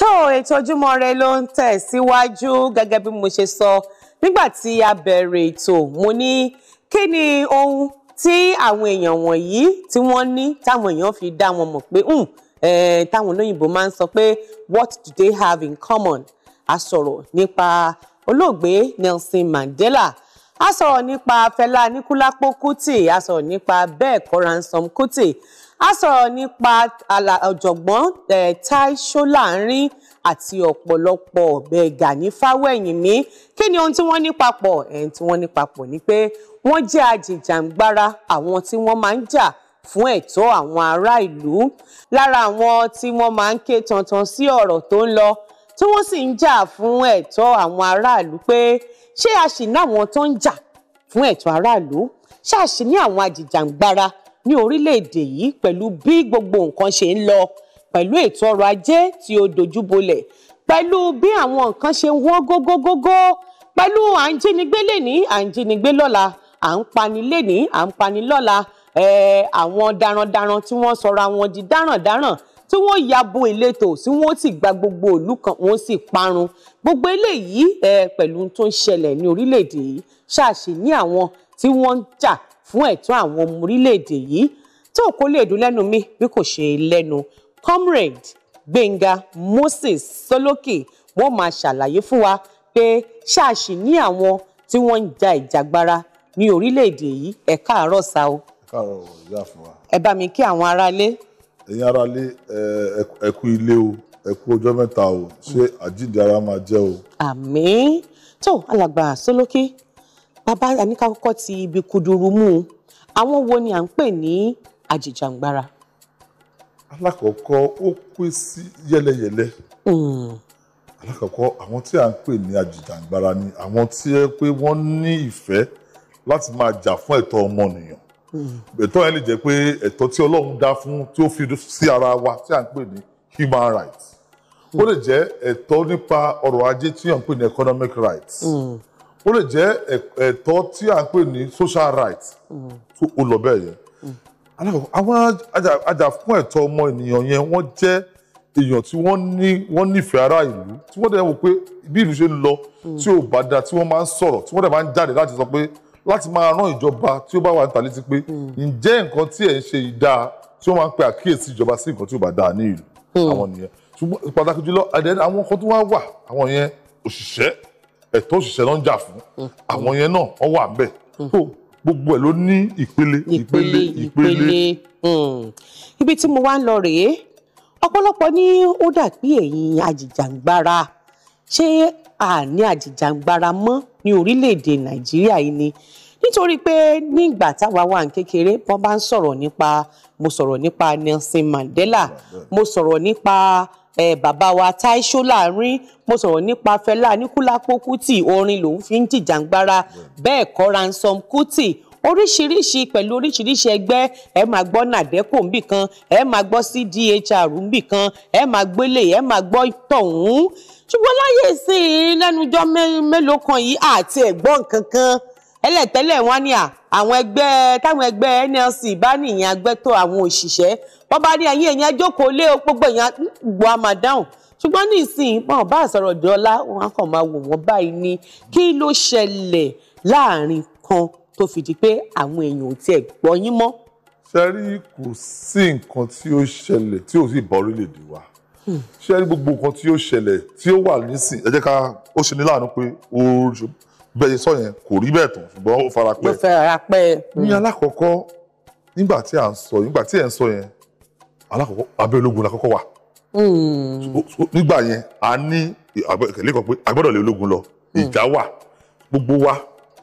tó ètò ojúmọ́ rẹ ló ń tẹ̀síwájú gẹ́gẹ́ bí mo ṣe sọ nígbà tí a bẹ̀rẹ̀ ètò mo ní kí ni ohun tí àwọn èèyàn wọ̀nyí tí wọ́n ní táwọn èèyàn fi dá wọn mọ̀ pé hmm, táwọn olóyìnbó máa ń sọ pé what do they have in common a sọ̀rọ̀ nípa olóògbé Nelson Mandela a sọ̀rọ̀ nípa Fẹlá Aníkúlápó Kútì a sọ̀rọ̀ nípa bẹ́ẹ̀ kọ́ Ransome Kútì a sọ̀rọ̀ nípa ọ̀jọ̀gbọ́n tai solarin àti ọ̀pọ̀lọpọ̀ ọ̀bẹ Gani Fáwẹ́yìnmí kí ni ohun tí wọ́n ní papọ̀ ẹ̀hìn tí wọ́n ní papọ̀ ni pé wọ́n jẹ́ ajìjàǹgbara àwọn tí wọ́n máa ń jà fún ẹ̀tọ́ àwọn ará ìlú lára àwọn tí wọ́n máa ń ké tantan sí ọ̀rọ̀ tó ń lọ tí wọ́n sì ń jà fún ẹ̀tọ́ àwọn aráàlú pé ṣé a sì ní àwọn tó ń jà fún ẹ̀tọ́ aráàlú ṣáà sì ní àwọn ajìjàǹgbara ní orílẹ̀-èdè yìí pẹ̀lú bí gbogbo nǹkan ṣe ń lọ pẹ̀lú ètò ọrọ̀ ajé tí ó dojúbolẹ̀ pẹ̀lú bí àwọn nǹkan ṣe wọ́n gógógógó pẹ̀lú à ń jínigbé lẹ́ni à ń jínigbé lọ́la à ń pani lẹ́ni à ń pani lọ́la àwọn darandaran tí wọ́n sọra wọn di darandaran tí wọ́n ya bo ìletò tí wọ́n sì gba gbogbo ìlú kan wọ́n sì parun gbogbo eléyìí pẹ̀lú tó ń ṣẹlẹ̀ ní orílẹ̀-èdè yìí ṣáà ní àwọn tí wọ́n ń jà fún ẹ̀tọ́ àwọn ọmọ orílẹ̀-èdè yìí tó kò lè dùn lẹ́nu mi bí kò ṣe lẹ́nu comrade Gbénga Moses Sólókè wọ́n máa ṣàlàyé fún wa pé ṣáàṣì ní àwọn tí wọ́n ń ja ìjàgbara ní orílẹ̀-èdè yìí ẹ káàárọ̀ sá o. ẹ káàárọ̀ ìyá fún wa. ẹ bá mi kí àwọn aráalé. ẹ̀yin aráalé ẹ kú ilé o ẹ kú ọjọ́ mẹ́ta o ṣé àjíǹde ara máa jẹ́ o. àmín tó alàgbà Sólókè bàbá àníkà kọ́kọ́ ti ibi kúdùrú mú un àwọn wo ni à ń pè ní àjìjàǹgbara. alákọ̀ọ́kọ́ ó pín sí yẹ́lẹyẹ̀lẹ hmm. alákọ̀ọ́kọ́ àwọn tí à ń pè ní àjìjàǹgbara ni àwọn tí ẹ pé wọ́n ní ìfẹ́ láti máa jà fún ẹ̀tọ́ ọmọnìyàn hmm. ẹ̀tọ́ yẹn lè jẹ́ pé ẹ̀tọ́ tí Ọlọ́run dá fún tí ó fi sí ara wa tí à ń pè ní human rights ó lè jẹ́ ẹ̀tọ́ nípa ọrọ̀ ajé tí à ń pè ní economic rights. Mm ó lè jẹ́ ẹ̀tọ́ tí à ń pè ní social rights tó o lọ bẹ́ẹ̀ yẹn alákọ̀ọ́ àwọn ajàfún ẹ̀tọ́ ọmọ ènìyàn yẹn wọ́n jẹ́ èèyàn tí wọ́n ní wọ́n nífẹ̀ẹ́ ara ìlú tí wọ́n dẹ̀ wò pé bí ìlú ṣe ń lọ tí ò bá da tí wọ́n máa ń sọ̀rọ̀ tí wọ́n dẹ̀ máa ń jáde láti sọ pé láti máa rán ìjọba tí ó bá wà níta létí pé ǹjẹ́ nǹkan tí ẹ̀ ń ṣe ìdá tí wọ́n máa ń pe àkíyèsí ìjọba sí nǹkan tí ò bá dáa ní ìlú àwọn nìyẹn ṣùgbọ́n pàtàkì jùlọ àwọn kan tó wá wà àwọn yẹn òṣìṣẹ́ ẹ̀tọ́ òṣìṣẹ́ ló ń jà fún àwọn yẹn náà wọ́n wà ńbẹ̀ tó gbogbo ẹ̀ ló ní ìpele ìpele ìpele. Hmm. ibi tí mo wá ń lọ rèé ọ̀pọ̀lọpọ̀ ní ó dàbí ẹ̀yin àjìjàǹgbara ṣé àní àjìjàǹgbara mọ́ ní orílẹ̀-èdè nàìjíríà yìí ni. Orile, nítorí pé nígbà táwa wà ní kékeré wọ́n bá ń sọ̀rọ̀ nípa mo sọ̀rọ̀ nípa Nelson Mandela mo sọ̀rọ̀ nípa eh, bàbá wa Táíṣó Láàrin mo sọ̀rọ̀ nípa Fẹlá Aníkúlápó Kútì orin lòun fi ń jìjàngbara bẹ́ẹ̀ kọ́ Ransom Kútì oríṣiríṣi pẹ̀lú oríṣiríṣi ẹgbẹ́ ẹ máa gbọ́ nàdẹ́kò ńbì kan ẹ máa gbọ́ cdhr ńbì kan ẹ máa gbélé ẹ máa gbọ́ tọ̀hún ṣùgbọ́n láyé sí i lẹ́nujọ́ mélòó kan yìí àti ẹ̀gbọ́n kankan ẹlẹ́tẹ̀lẹ̀ wọn ni à àwọn ẹgbẹ́ táwọn ẹgbẹ́ NLC bá ní ìyẹn agbẹ́tọ̀ àwọn òṣìṣẹ́ wọ́n bá ní ẹ̀yìn ẹ̀yìn ẹjọ́kòó lé gbogbo ìyẹn gbọ́ àmàdáhùn ṣùgbọ́n ní ìsìn wọn bá sọ̀rọ̀ dọ́lá wọn á kàn máa wò wọ́n báyìí ní kí ló ṣẹlẹ̀ láàrin kan tó fi di pé àwọn èèyàn ò tiẹ̀ gbọ́ yín mọ́. sẹ́rí kò sí nǹkan tí ó ṣẹlẹ̀ tí ò sì bọ́ orílẹ̀-èdè wa sẹ́rí hmm. gbogbo nǹkan tí ó ṣẹlẹ̀ tí ó wà nísìn ẹ jẹ́ ká ó ṣe ní láàánú pé ó bẹ́ẹ̀ sọ yẹn kò rí bẹ́ẹ̀ tán ṣùgbọ́n ó fara pẹ́. ó fara pẹ́. ní hmm. alákọ̀ọ́kọ́ nígbà tí à ń sọ nígbà tí ẹ̀ ń sọ yẹn alákọ̀ọ́kọ́ abẹ́ ológun la kọ́kọ́ wà. Hmm. nígbà yẹn a ní ìkẹ̀lé kan pé a gbọ́dọ̀ lé ológun lọ hmm. ìjà wà gbogbo wa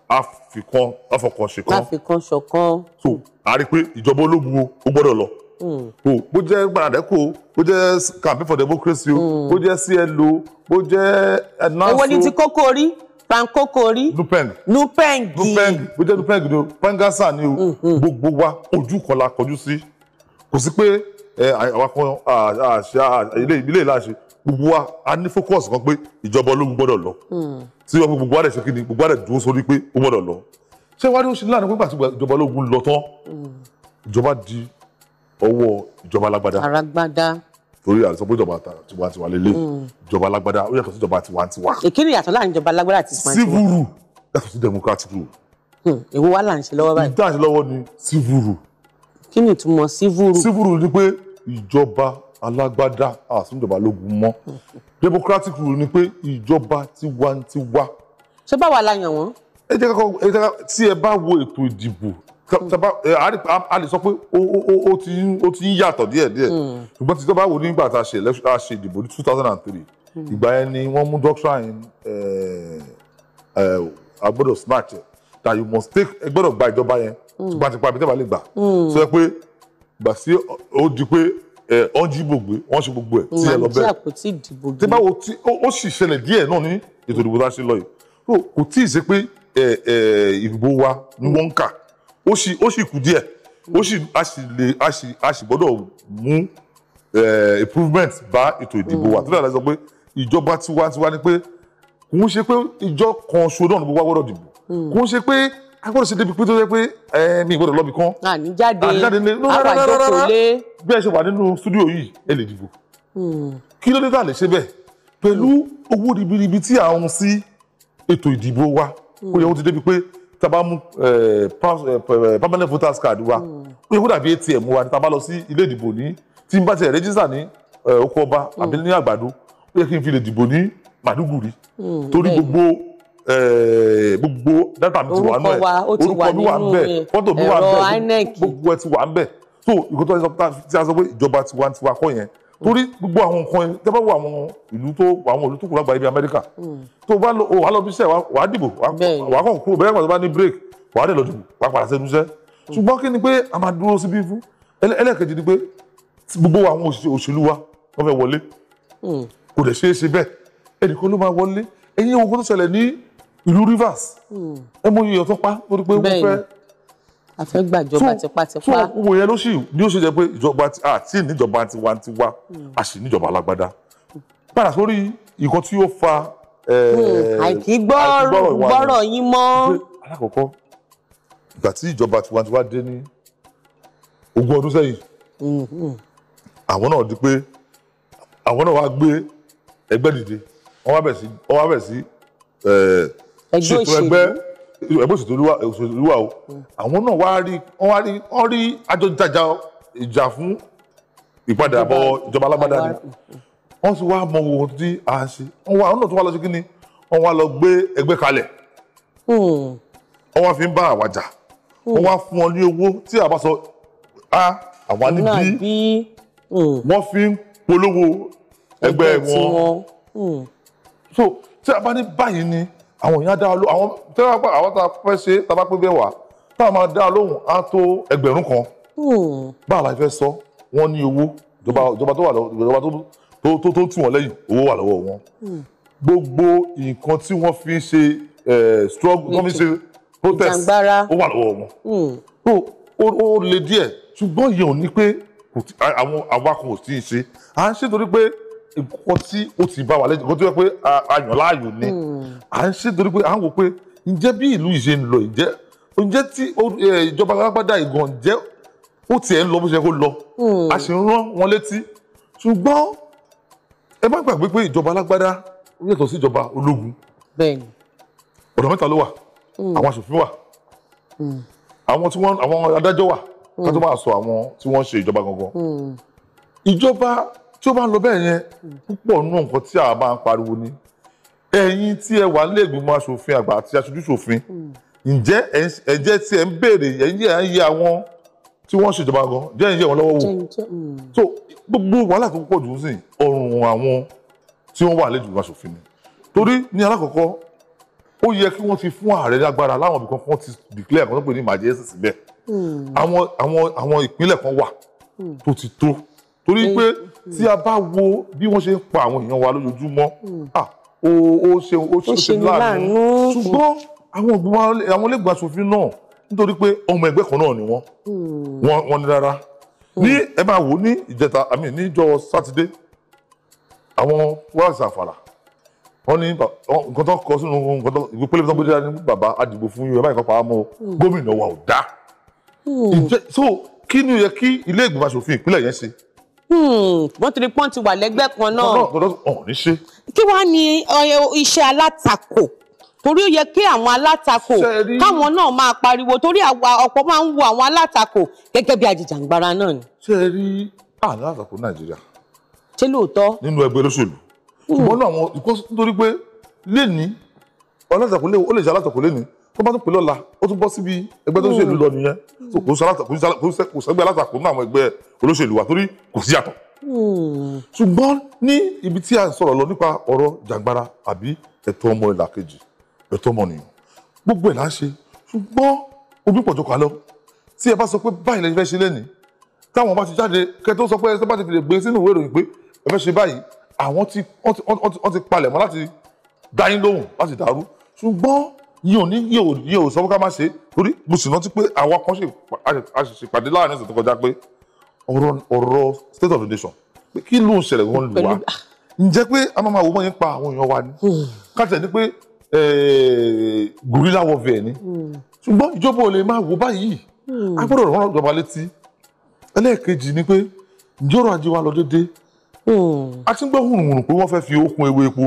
a fi kan a fọkàn ṣe kan. láfi kan ṣọ̀kan. so a rí i pé ìjọba ológun ó gbọ́dọ̀ lọ. o bó jẹ́ gbàdẹ́kò bó jẹ́ campaign for democracy o bó jẹ́ clo bó jẹ́ nasa. èwo ni ti kókó rí pankokori lupeng lupeng lupeng bó jẹ́ lupeng ni o pangasa ni o mm-hmm. gbogbo wa ojú kan la kọjú sí kò sí pé àwa kan ilé ilé ìlàṣẹ gbogbo wa a ní focus kan pé ìjọba ológun gbọ́dọ̀ lọ mm. tí wọ́n fi gbogbo wa dẹ̀ ṣe kí ni gbogbo wa dẹ̀ dúró sórí pé ó gbọ́dọ̀ lọ ṣé wàá ní oṣù lánàá pé pàṣẹ ìjọba ológun lọ tán mm. ìjọba di ọwọ́ ìjọba alágbádá. alágbádá torí àìsàn pé ìjọba tiwantiwa lélẹ̀ mm. ìjọba alágbádá ó yàtọ̀ sí ìjọba tiwantiwa. èkínní yàtọ̀ láàrin ìjọba alágbádá àti tiwantiwa. civil rule yàtọ̀ sí democratic rule. Hmm, èwo wá là ń ṣe lọ́wọ́ báyìí. ìdáhùn lọ́wọ́ ni civil rule. kí ni ìtumọ̀ civil rule. civil rule ni pé ìjọba alágbádá àsúnjọba lógun mọ́ hmm. democratic rule ni pé ìjọba tiwantiwa. ṣé báwa la yàn wọ́n. ẹ jẹ́ ká tí ẹ bá wo ètò ìdìbò tọba a lè sọ pé o ti ń yàtọ̀ díẹ̀ díẹ̀ hmm. ṣùgbọ́n tí tọ́ba wò nígbà tá a ṣe ìdìbò ní two thousand and three hmm. ìgbà yẹn ni wọ́n mú doctrine eh, eh, agbọ́dọ̀ snatch ẹ̀ that you must take ẹ gbọ́dọ̀ gba ìjọba yẹn tí hmm. bá ti pa abitẹ́bà lè gbà sọ pé gbà sí o di pé eh, wọ́n jí gbogbo wọ́n ṣe gbogbo ẹ̀ tí ẹ lọ bẹ́ẹ̀ tí báwo tí o sì ṣẹlẹ̀ díẹ̀ náà ní ètò ìdìbò tá a ṣe lọ yìí kò tí ì ṣe pé ìdìbò wa ni wọ́n ń kà ó sì ó sì kù díẹ̀ ó sì a sì lè a sì a sì gbọ́dọ̀ mú eh, improvement bá ètò ìdìbò wa mm. tó dára sọ pé ìjọba tiwantiwa ni pé kò ń ṣe pé ìjọ kan ṣo náà ló wá gbọ́dọ̀ dìbò mm. kò ń ṣe pé agbọ́dọ̀ ṣe débi pé tó yẹ pé eh, mi ìgbọ́dọ̀ lọ́bi kan àníjáde àpàjọkòlé bí ẹ ṣe wà nínú stúdíò yìí ẹ lè dìbò mm. kí ló dé tá a lè ṣe bẹ́ẹ̀ pẹ̀lú owó ribiribi tí à ń sí ètò ìdìbò wa ó yẹ kó ti débi pé taba mú eh, eh, eh, permanent voters card wa hmm. ó yẹ kó dàbí atm wa ni taba lọ sí ilé ìdìbò ní tí n bá tiẹ̀ rẹ́jísà ní oko ọba hmm. àbí ní àgbàdo ó yẹ kí n fi lè dìbò ní màdúgùrì hmm, torí gbogbo gbogbo data mi ti wà nù ẹ orúkọ mi wà nbẹ fọ́tò mi wà nbẹ gbogbo ẹ ti wà nbẹ so ìkótó ẹ sọ pé tí a sọ pé ìjọba tiwantiwa kọ́ yẹn torí gbogbo àwọn nǹkan tẹ́ bá wo àwọn ìlú tó àwọn ìlú tó kù lágbàáyé bíi Amẹ́ríkà hmm. tó bá lọ wà lọ bí sẹ́ wà á dìbò wà á kàn kúrò bẹ́ẹ̀ pàtó bá ní break wà á dẹ̀ lọ dìbò wà á padà sẹ́nu iṣẹ́ hmm. ṣùgbọ́n kí ni pé a máa dúró síbí fún ẹlẹ́ẹ̀kejì ni pé gbogbo àwọn òṣèlú wa wọ́n fẹ́ wọlé hmm. kò dẹ̀ ṣeé ṣe bẹ́ẹ̀ ẹnìkan ló máa wọlé ẹ̀yin ogun tó ṣẹlẹ̀ ní ìlú Rivers ẹ mọ iyọ̀ tó pa torí pé wọ́n fẹ́ a fẹ́ gbàjọba tipátipá. tó wò yẹn ló sì ní ó ṣe jẹ pé ìjọba àti níjọba tiwantiwa hmm. a sì níjọba alágbádá padà sórí nǹkan tí yóò fa. Eh, hmm, àìkí gbọ́rọ̀ yín mọ́. alákọ̀ọ́kọ́ ìgbà tí ìjọba tiwantiwa dé ní ogún ọdún sẹ́yìn hmm, àwọn náà di pé àwọn náà wá gbé ẹgbẹ́ dìde wọ́n wá bẹ̀ sí eh, ṣètò ẹgbẹ́ ẹ̀bùn òṣèlúwà o àwọn náà wá rí wọ́n rí wọ́n rí àjọjájà ìjà fún ìpadàbọ̀ ìjọba alágbádá ni wọ́n sì wá mọ ohun tí a ń ṣe wọ́n wá àwọn náà tó wá lọ sí kí ni wọ́n wá lọ gbé ẹgbẹ́ kalẹ̀ hmm. wọ́n wá fi ń bá àwa jà wọ́n hmm. wá fún ọ ní owó tí a bá sọ a àwa ní bí hmm. wọ́n fi ń polówó ẹgbẹ́ wọn so tí a bá ní báyìí ni àwọn èèyàn dá lóhùn àwọn tẹ́lá pa àwọn tá a fẹ́ ṣe tá a bá pé bẹ́ẹ̀ wá tá a máa dá lóhùn á tó ẹgbẹ̀rún kan hmm. báwa la fẹ́ sọ wọ́n ní owó ìjọba hmm. tó wà lọ́wọ́ ìjọba tó tó tù wọ́n lẹ́yìn owó wà lọ́wọ́ wọn hmm. gbogbo nǹkan tí wọ́n fi ṣe eh, struggle wọ́n fi ṣe protest ó wà lọ́wọ́ wọn ó le díẹ̀ ṣùgbọ́n yẹn ò ní pé àwọn awakọ̀ ò tí ì ṣe à ń ṣètò pé nǹkan tí ó ti bá wa lẹ́jọ́ nǹkan tó yẹ pé ayàn láàyò ni hmm. à ń ṣe torí pé à ń wò pé ǹjẹ́ bí ìlú yìí ṣe ń lọ ǹjẹ́ ǹjẹ́ tí ìjọba alágbádá ìgàn ǹjẹ́ ó tiẹ̀ ń lọ bó ṣe kó lọ hmm. a sì ń rán wọn létí ṣùgbọ́n ẹ má gbàgbé pé ìjọba alágbádá ó yàtọ̀ sí ìjọba ológun ọ̀dọ̀ mẹ́ta ló wà hmm. àwọn aṣòfin wà àwọn tí wọ́n àwọn adájọ́ wà ká tó máa sọ àwọn tí wọ́n ṣe ìjọba gangan ìjọba tí ó bá ń lọ bẹ́ẹ̀ yẹn púpọ̀ nínú nǹkan tí àwa bá ń pariwo ni ẹ̀yin tí ẹ wà nílé ìgbìmọ̀ asòfin àgbà àti aṣojú ṣòfin ǹjẹ́ ẹ̀jẹ̀ tí ẹ ń béèrè ẹ̀yìn ẹ̀ ń yẹ àwọn tí wọ́n ṣèjọba gan jẹ́ ẹ̀yìn wọn lọ́wọ́ wò mm. so gbogbo wàhálà tó pọ̀ jù ú sìn ọrùn àwọn tí wọ́n wà lẹ́jọ́ asòfin ni torí ní alákọ̀ọ́kọ́ ó yẹ kí wọ́n ti fún ààrẹ lágbára láwọn ibì kan kan ti declare kan tó pè ní majesty síbẹ̀ hmm. àwọn àwọn àwọn ìpínlẹ̀ kan wà hmm. tó ti tó torí mm. pé tí a bá wo bí wọ́n ṣe ń pa àwọn èèyàn wa lójoojúmọ́ o ṣe o ṣe láàánú ṣùgbọ́n àwọn ògbómọ àwọn ilé ìgbàsòfin náà nítorí pé ọmọ ẹgbẹ́ kan náà ni wọ́n hmm. wọ́n ní rárá hmm. ní ẹ máa wò ní ìjẹta àmì níjọ́ sátidé àwọn wáàsì àfàlà wọ́n ní nǹkan tó kọ sínú nǹkan tó ìwé pélébí tó ń gbé dára ní bàbá àdìgbò fún yorùbá ìkọpá mọ́ hmm. gómìnà wa ò dá so kí ni ó yẹ kí ilé ìgbìmọ̀ asòfin ìpínlẹ̀ yẹn ṣe Hmm, wọ́n ti rí pọ́n ti wà lẹ́gbẹ́ kan náà. ọ̀hún ní ṣe. kí wàá ní iṣẹ́ alátakò torí ó yẹ kí àwọn alátakò káwọn náà máa pariwo torí ọ̀pọ̀ máa ń wo àwọn alátakò gẹ́gẹ́ bí ajìjàǹgbara náà ni. ṣé ẹ rí alátakò nàìjíríà. ṣé lóòótọ́. nínú ẹgbẹ́ olóṣèlú hmm. ṣùgbọ́n náà àwọn nítorí pé lẹ́ni alátakò lè ṣe alátakò lẹ́ni tó bá tún pè lọ́la ó tún bọ́ síbi ẹgbẹ́ tó ń ṣèlú lọ nìyẹn so kò sẹ́gbẹ́ alátakò nínú àwọn ẹgbẹ́ olóṣèlú wa torí kò sí yàtọ̀ hmm. ṣùgbọ́n ní ibi tí a ń sọ̀rọ̀ lọ nípa ọ̀rọ̀ jàǹgbara àbí ẹ̀tọ́ ọmọ ìlà kejì ẹ̀tọ́ ọmọnìyàn gbogbo ẹ̀ là ń ṣe ṣùgbọ́n omi pọ̀ jọkọ̀ àlọ́ tí ẹ bá sọ pé báyìí lẹ́yìn fẹ́ ṣe lẹ́nìí táwọn bá ti jáde kẹ́ tó sọ pé ẹ bá ti fi lè gbé sínú ìwé ìròyìn pé ẹ fẹ́ ṣe báyìí àwọn ti palẹ̀ mọ́ láti dá yín lóhùn láti dàrú ṣùgbọ́n yóò ní yóò yóò sọ ká má ṣe torí mo sì rántí pé àwa kan ṣe àṣìṣèpàdé láàrin ọ̀sẹ̀ tó kọjá pé ọ̀rọ̀ ọ̀rọ̀ state of the nation pé kí ló ń ṣẹlẹ̀ wọn lù wá ah. ǹjẹ́ pé a máa máa wò mọ́ yín pa àwọn èèyàn wa ni hmm. káàtẹ̀ ni pé eh, gorilla warfare ni hmm. ṣùgbọ́n ìjọba ò lè máa wò báyìí hmm. a gbọ́dọ̀ rán ìjọba létí ẹlẹ́ẹ̀kejì ni pé ǹjẹ́ ọrọ̀ ajé wa lọ déédéé Hmm. a ti ń gbọ́ hùrùmùrù pé wọ́n fẹ́ fi okun ewé epo.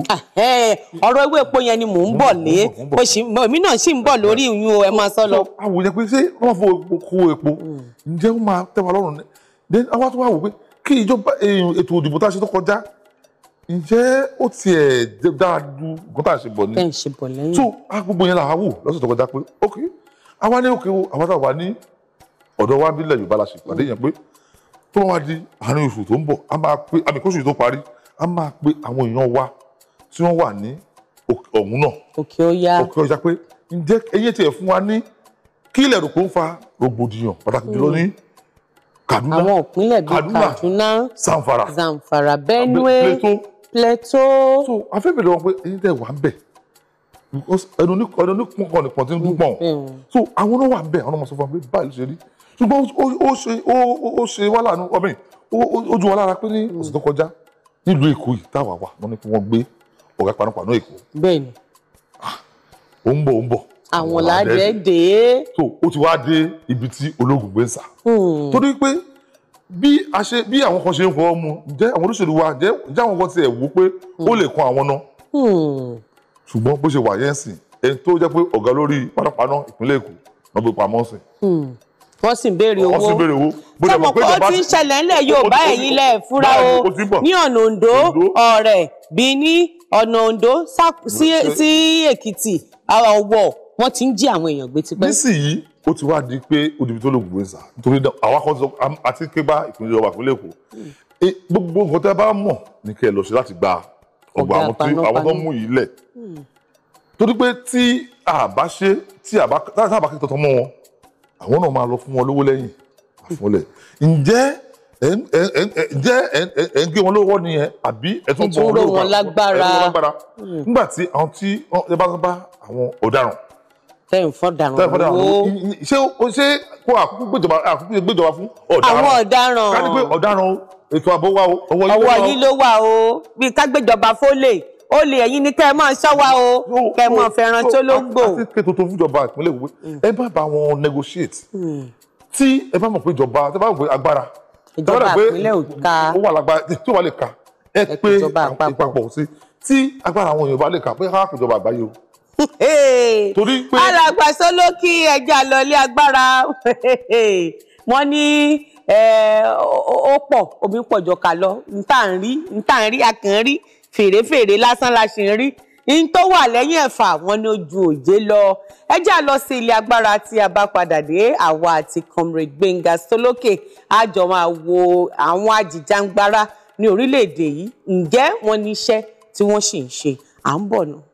ọ̀rọ̀ ewé epo yẹn ni mò ń bọ̀ lé èmi náà sì ń bọ̀ lórí ìyún o ẹ máa sọ lọ. àwòrán yẹn pé ṣé wọ́n fọ oko epo hmm. ǹjẹ́ ó máa tẹ́ wa lọ́rùn ní then àwa tó wà wò pé kí ìjọba eh, ètò òdìbò tá a ṣe tó kọjá ǹjẹ́ ó tiẹ̀ dáa ju nǹkan tá a ṣe bọ̀ ni. tẹ́ ń ṣe bọ̀ lẹ́yìn. so gbogbo yẹn là á wò lọ́sẹ̀ kọjá pé ok àwa ní òkè o àwa tá a wà ní ọ̀dọ̀ wa bí ilẹ̀ Yorùbá la ṣe pàdé yẹn pé tó máa di àárín oṣù tó ń bọ̀ a máa pe àmì kóṣù tó parí a máa pe àwọn èèyàn wa tí wọ́n wà ní ọ̀hún náà òkè ọ̀yà òkè ọ̀yà pé ǹjẹ́ eyín tiẹ̀ fún wa ní kí ilẹ̀ rò ń fa rògbòdìyàn pàtàkì jùlọ ní Kaduna àwọn òpínlẹ̀ bíi Kaduna Zamfara Zamfara Benue Plateau. so afẹ́fẹ́ lọ́wọ́ pé eyín tẹ̀ wá ń bẹ̀ because ẹnu ní ẹnu ní pọ̀nkàn ní pọ̀ntínlẹ́dúgbọ̀n so àwọn náà wà ń bẹ̀ àwọn náà máa sọ fún wa pé báyìí ló ṣe rí ṣùgbọ́n ó ṣe ó ṣe wá láàánú ọmọ ó ju wọn lára pé ní ọ̀sẹ̀ tó kọjá nílùú èkó yìí táwa wà wọn ni kí wọ́n gbé ọ̀gá panápaná èkó. bẹ́ẹ̀ni. Ah, ó ń bọ̀ ó ń bọ̀. àwọn làjẹ́ dé. tó o ti wá dé ibi tí ológun gbé ń sà. Hmm. torí pé bí a ṣe bí àwọn kan ṣe ń fọwọ́ mu jẹ́ àwọn olóṣèlú wa jẹ́ jẹ́ àwọn kan tiẹ̀ wò pé ó lè kan àwọn náà. Hmm. ṣùgbọ́n bó ṣe wà yẹn sìn ẹni tó jẹ́ pé ọ̀gá lórí panápaná ìpínlẹ̀ èkó náà gbé pamọ́ sìn. Hmm wọ́n sì ń béèrè owó wọ́n sì ń béèrè owó sọmọ pé ó ti ń ṣẹlẹ̀ ńlẹ̀ Yorùbá ẹ̀yìn lẹ̀ fúra o ní ọ̀nà Ondo Ọ̀rẹ̀ Bìíní ọ̀nà Ondo sí Èkìtì Ọ̀wọ̀ wọ́n ti ń jí àwọn èèyàn gbé tipẹ́. nísìnyí ó ti wá di pé odibi tó lò gbogbo ìsà nítorí àwa kan sọ àti kébá ìpínlẹ̀ Yorùbá ìpínlẹ̀ Èkó gbogbo nǹkan tẹ́ bá mọ̀ ní kẹ́ ẹ lọ sí láti gba ọgbà àwọn tó mú yìí lẹ̀ hmm. torí pé tí a bá àwọn náà máa lọ fún wọn lówó lẹ́yìn àfúnlẹ̀ ǹjẹ́ ǹjẹ́ ẹ̀ ń gé wọn lówó ni ẹ àbí ẹ tún bọ̀ lówó wọn lágbára hmm. nígbà tí àwọn tí ẹ bá bá àwọn ọ̀daràn. tẹ́ ń fọ́ dàrán lówó ṣé ṣé kó àkókò gbéjọba àkókò gbéjọba fún ọ̀daràn àwọn ọ̀daràn ká ní pé ọ̀daràn ètò àbọ̀wá ọwọ́ yìí ló wà o bí ká gbéjọba fólè olè ẹ̀yin ni kẹ́ ẹ máa ṣọ́ wa o kẹ́ ẹ máa fẹ́ràn tó ló gbò. àti kètò tó fúnjọba ìpínlẹ̀ Èkó mm. ẹ bá bá wọn negotiate mm. tí ẹ bá mọ̀ pé ìjọba ẹ bá mọ̀ pé agbára ìjọba ìpínlẹ̀ ò ká ó wà lágbára tí ó wà lè ká ẹ pé ìpapọ̀ sí tí agbára àwọn èèyàn bá lè ká pé ká ìjọba àgbáyé o torí pé alàgbàsólókì ẹjẹ àlọlé agbára wọn ní ó pọ̀ omi pọ̀jọ̀ kà lọ ntà ń rí ntà ń rí akàn rí fèrèfèrè lásán la ṣì ń rí in tó wà lẹ́yìn ẹ̀fà wọn ni ó ju òjé lọ ẹ já lọ sí ilé agbára tí a bá padà dé àwa àti comrade Gbénga Sólókè a jọ máa wo àwọn àjìjàngbara ní orílẹ̀-èdè yìí ǹjẹ́ wọ́n ní iṣẹ́ tí wọ́n sì ń ṣe à ń bọ̀ náà.